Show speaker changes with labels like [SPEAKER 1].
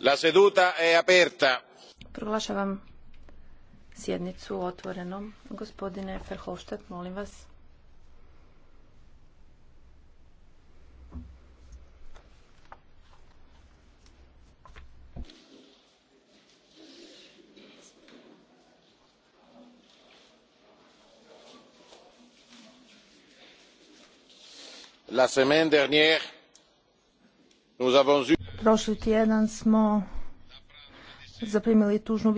[SPEAKER 1] La seduta è aperta.
[SPEAKER 2] Proglašavam sjednicu otvorenom. Gospodine Ferhofstadt, molim vas.
[SPEAKER 3] La
[SPEAKER 4] semaine dernière, nous avons eu
[SPEAKER 5] Prošli tjedan smo zaprimili tužnu